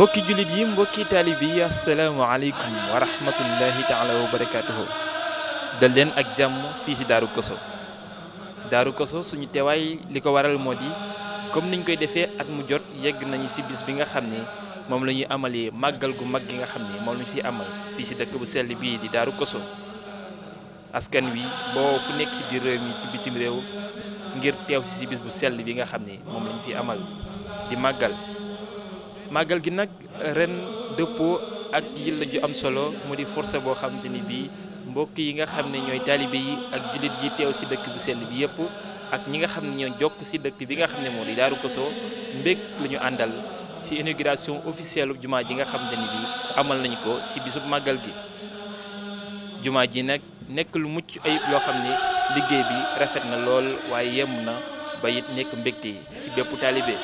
bokki jullit yi mbokki taalib yi asalaamaaleykum wa rahmatullahi taala wa barakaatuhu dal leen ak jàmm fii si Daaru Koso Daaru Koso suñu teewaay li ko waral moo di comme niñ koy defee at mu jot yegg nañu si bis bi nga xam ne moom la ñuy amalee màggal gu mag gi nga xam ne moom la ñu amal fii si dëkk bu sell bii di Daaru Koso askan wi boo fu nekk ci biir réew mi si bitim réew ngir teew si si bis bu sell bi nga xam ne moom la fi fiy amal di màggal màggal gi nag ren dëppoo ak yilla ju am solo mu di forcé boo xamante ni bii mbokk yi nga xam ne ñooy taalibe yi ak jullit yi teew si dëkk bi sell bi yëpp ak ñi nga xam ne ñoo jokk si dëkk bi nga xam ne moom di Daaru Koso mbég la ñu àndal si inauguration officielle jumaa ji nga xamante ni bii amal nañu ko si bisub màggal gi jumaa ji nag nekk lu mucc ayib yoo xam ne liggéey bi rafet na lool waaye yem na ba it nekk yi si bépp taalibe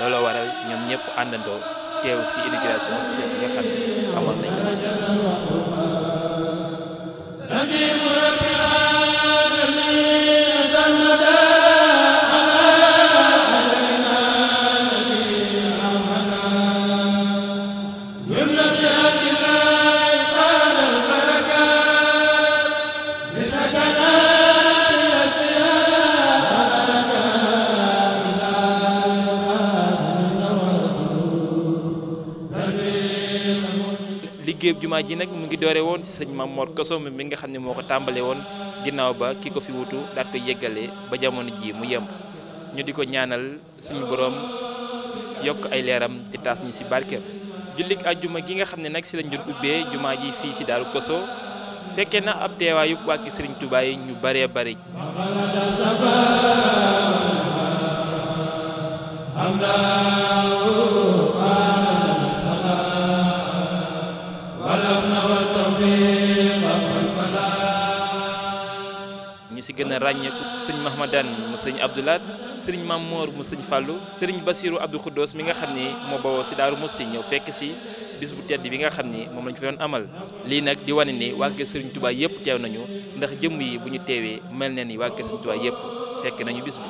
looloo waral ñoom ñëpp àndandoo teew si inauguration officielle bi nga xam ne amoon nañ liggéeyub jumaa ji nag mu ngi doore woon si sëñ ma moor Koso mi nga xam ne moo ko tàmbale woon ginnaaw ba ki ko fi wutu daat koy yeggalee ba jamono ji mu yemb ñu di ko ñaanal suñu boroom yokk ay leeram te taas ñi si barkeem jullik àjjuma gi nga xam ne nag si lañ doon ubbee jumaa ji fii ci Daaru Koso fekkee na ab teewaayu wàkki sëriñ Tuubaa ñu bëree bëri am na gën a ràññeeku sëñ Mahmadane mu sëñ Abdoulaat sëriñ Mamour mu sëñ fàllu sëriñ Basirou Abdou Khoudos mi nga xam ni moo bawoo si Daaru Musti ñëw fekk si bis bu tedd bi nga xam ni moom lañ fi doon amal lii nag di wane ni waa kër sëriñ Touba yëpp teew nañu ndax jëmm yi bu ñu teewee mel na ni waa kër sëriñ Touba yëpp fekk nañu bis bi.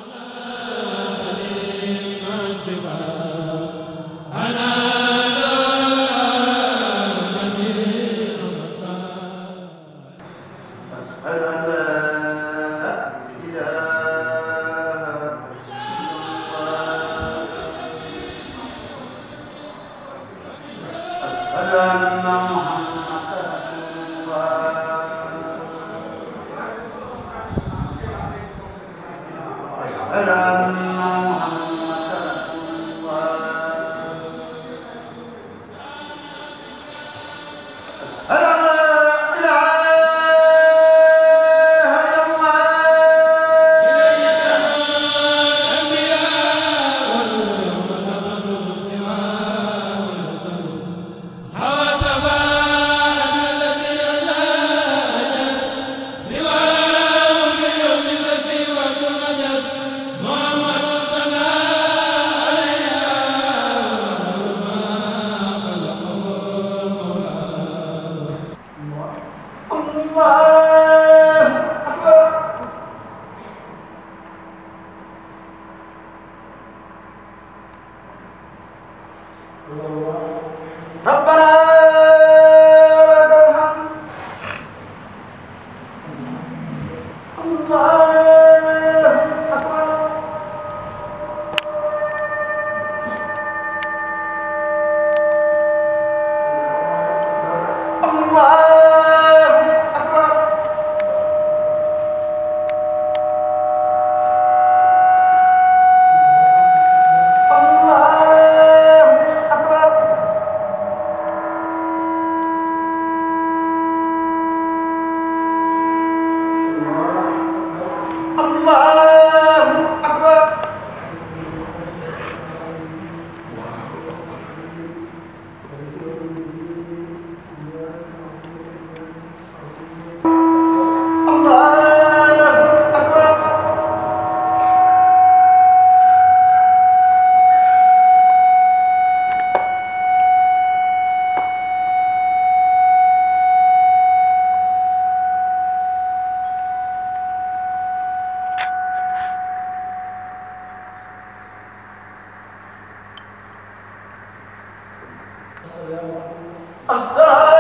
السلام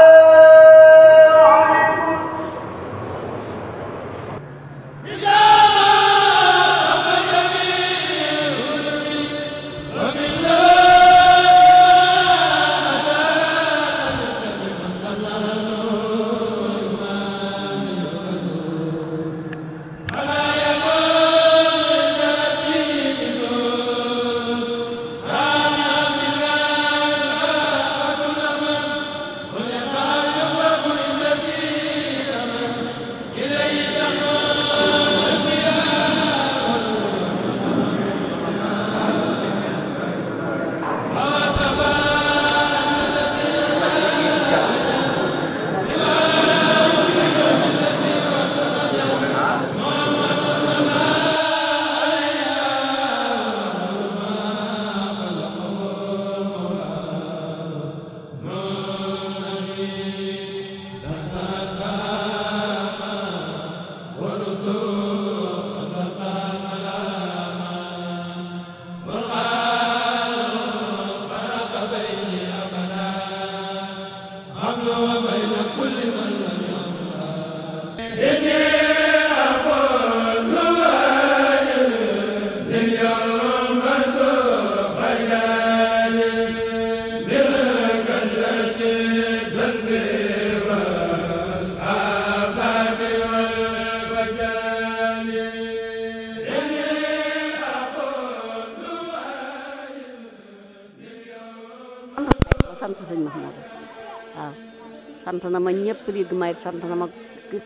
sant na ma ñëpp dégg may sant na ma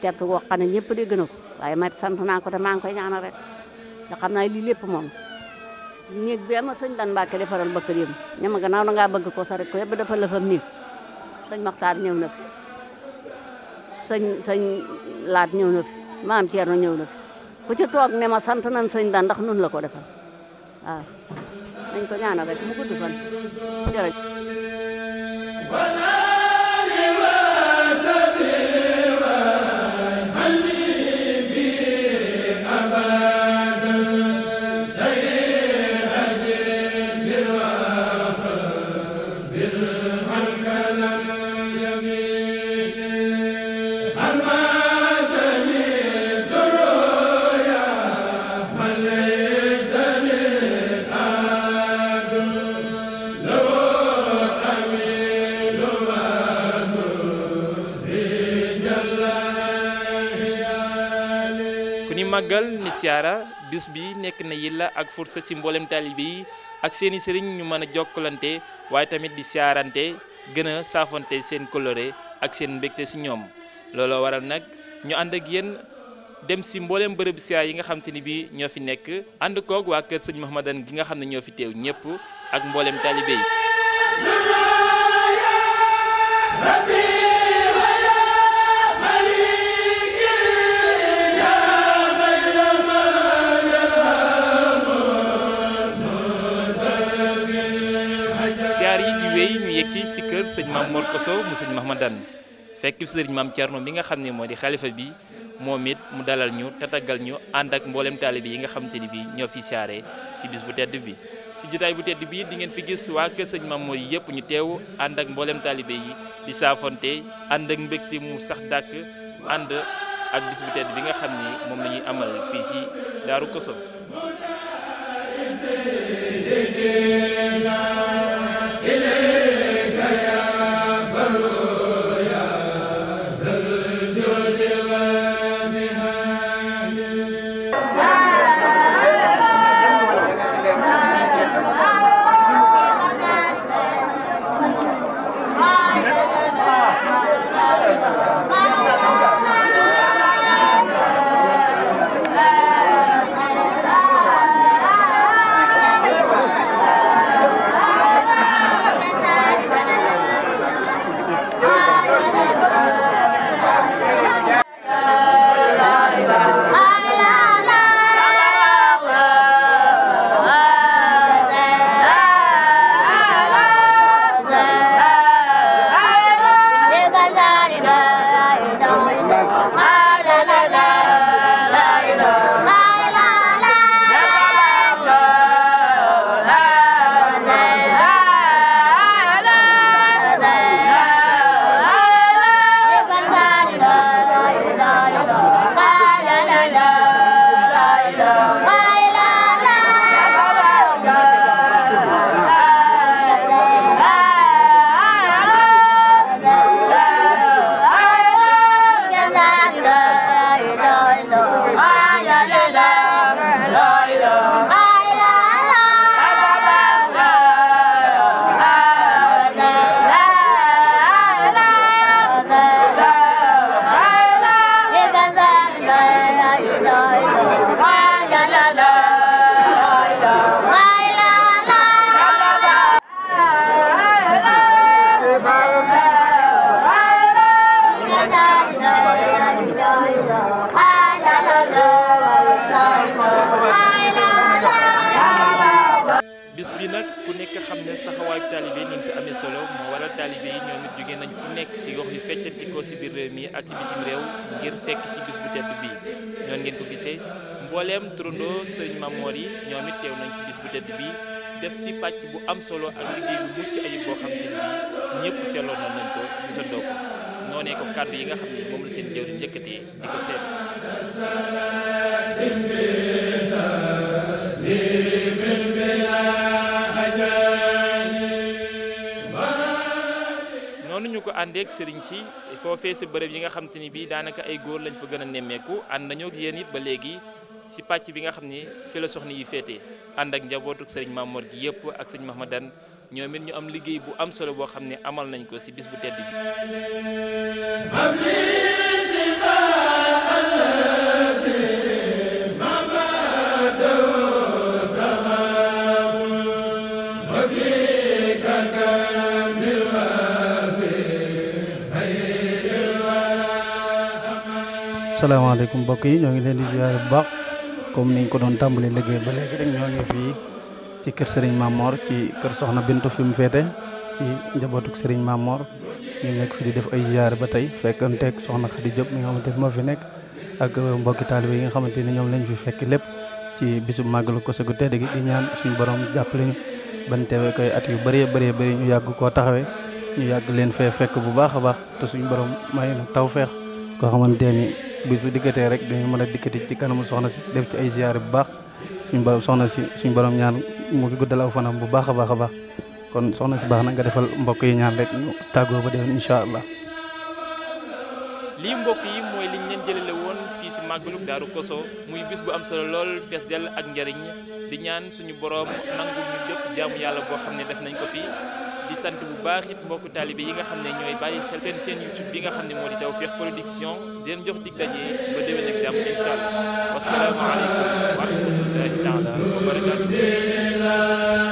tert goo xam ne ñëpp dégg na ko waaye may sant naa ko te maa ngi koy ñaanal rek te xam naa lii lépp moom néeg bee ma sëñ lan Mbàkke defaral ba kër yëm ña ma gannaaw na ngaa bëgg ko sa rek ko yëpp dafa lëfam néeg sëñ Maxtaar ñëw na fi sëñ sëñ laat ñëw na maam Thierno ñëw na fi ku ci toog ne ma sant nañ sëñ daan ndax nun la ko defal waaw nañ ko ñaanal rek mu gudd fan jërëjëf magal ni siyaara bis bi nekk na yilla ak fursa ci mboolem taalibe yi ak seeni sëriñ ñu mën a jokkalante waaye tamit di siyaarante gën a seen coloré ak seen mbégte ci ñoom looloo waral nag ñu ànd ak yéen dem ci mboolem bërëb siyaar yi nga xam te ni bi ñoo fi nekk ànd koog waa kër sëñ Mahamadan gi nga xam ne ñoo fi teew ñépp ak mboolem taalibe yi Mame Mor Kosso mu sëñ Mahmadan fekk sëriñ Mame Thierno mi nga xam ne moo di xalifa bi moom it mu dalal ñu tatagal ñu ànd ak mboolem taalibe yi nga xamante ni bi ñoo fi saare ci bis bu tedd bi ci jotaay bu tedd bi di ngeen fi gis waa kër sëñ Mame Mor yëpp ñu teew ànd ak mboolem taalibe yi di saafoonte ànd ak mbégte mu sax dàkk ànd ak bis bu tedd bi nga xam ni moom la amal fii ci Daaru Kosso yeewoo si biir réew mi ak si bitim réew ngir fekk si bis bu tedd bii ñoon ngeen ko gisee mbooleem turandoo sëriñ Mamoor yi ñoom it teew nañ ci bis bu tedd bii def si pàcc bu am solo ak liggéey bu mucc ayib boo xam ne bii ñëpp seetloo noon nañ ko gisandoo ko noo ne ko kàddu yi nga xam ne moom la seen jëwriñ yëkkatee di ko seet ko àndeek sëriñ si foofee si bërëb yi nga xam te ni bii daanaka ay góor lañ fa gën a nemmeeku ànd nañoo ak yéen it ba léegi si pàcc bi nga xam ne fi la soxna yi féetee ànd ak njabootuk sëriñ Mamor gi yëpp ak sëriñ Mahmadan ñoom it ñu am liggéey bu am solo boo xam ne amal nañ ko si bis bu tedd bi salaamaaleykum mbokk yi ñoo ngi leen di ziar bu baax comme niñ ko doon tàmbali liggéey ba léegi rek ñoo ngi fii ci kër Serigne Mamor ci kër Soxna Bintu fi mu féete ci njabootuk sëriñ Mamor ñu nekk fi di def ay ziar ba tey fekk Soxna Khady soxna mi nga xamante ne moo fi nekk ak mbokki taalibe yi nga xamante ne ñoom lañ fi fekk lépp ci bisu màggalu Koso gu tedd gi di ñaan suñu borom jàpp ñu ban teewee koy at yu bëree bëree bëri ñu yàgg koo taxawe ñu yàgg leen fee fekk bu baax a baax te suñu borom may na tawfeex koo xamante ni bis bu dikkatee rek dañu mën a dikkati ci kanamu soxna si def ci ay ziyaar bu baax suñu borom soxna si suñu borom ñaan mu ngi guddal aw bu baax a baax a baax kon soxna si baax na nga defal mbokk yi ñaan rek nu tàggoo ba déwén incha allah màggalug Daaru Koso muy bis bu am solo lool fees dell ak njariñ di ñaan suñu boroom nangu ñu lépp jaamu yàlla boo xam ne def nañ ko fi di sant bu baax it mbokku taalibe yi nga xam ne ñooy bàyyi xel seen seen YouTube bi nga xam ne moo di Tawfekh Production di leen jox dig daje ba déwén ak jàmm incha allah wasalaamaaleykum wa rahmatullahi taala wa barakaatu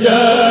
jaa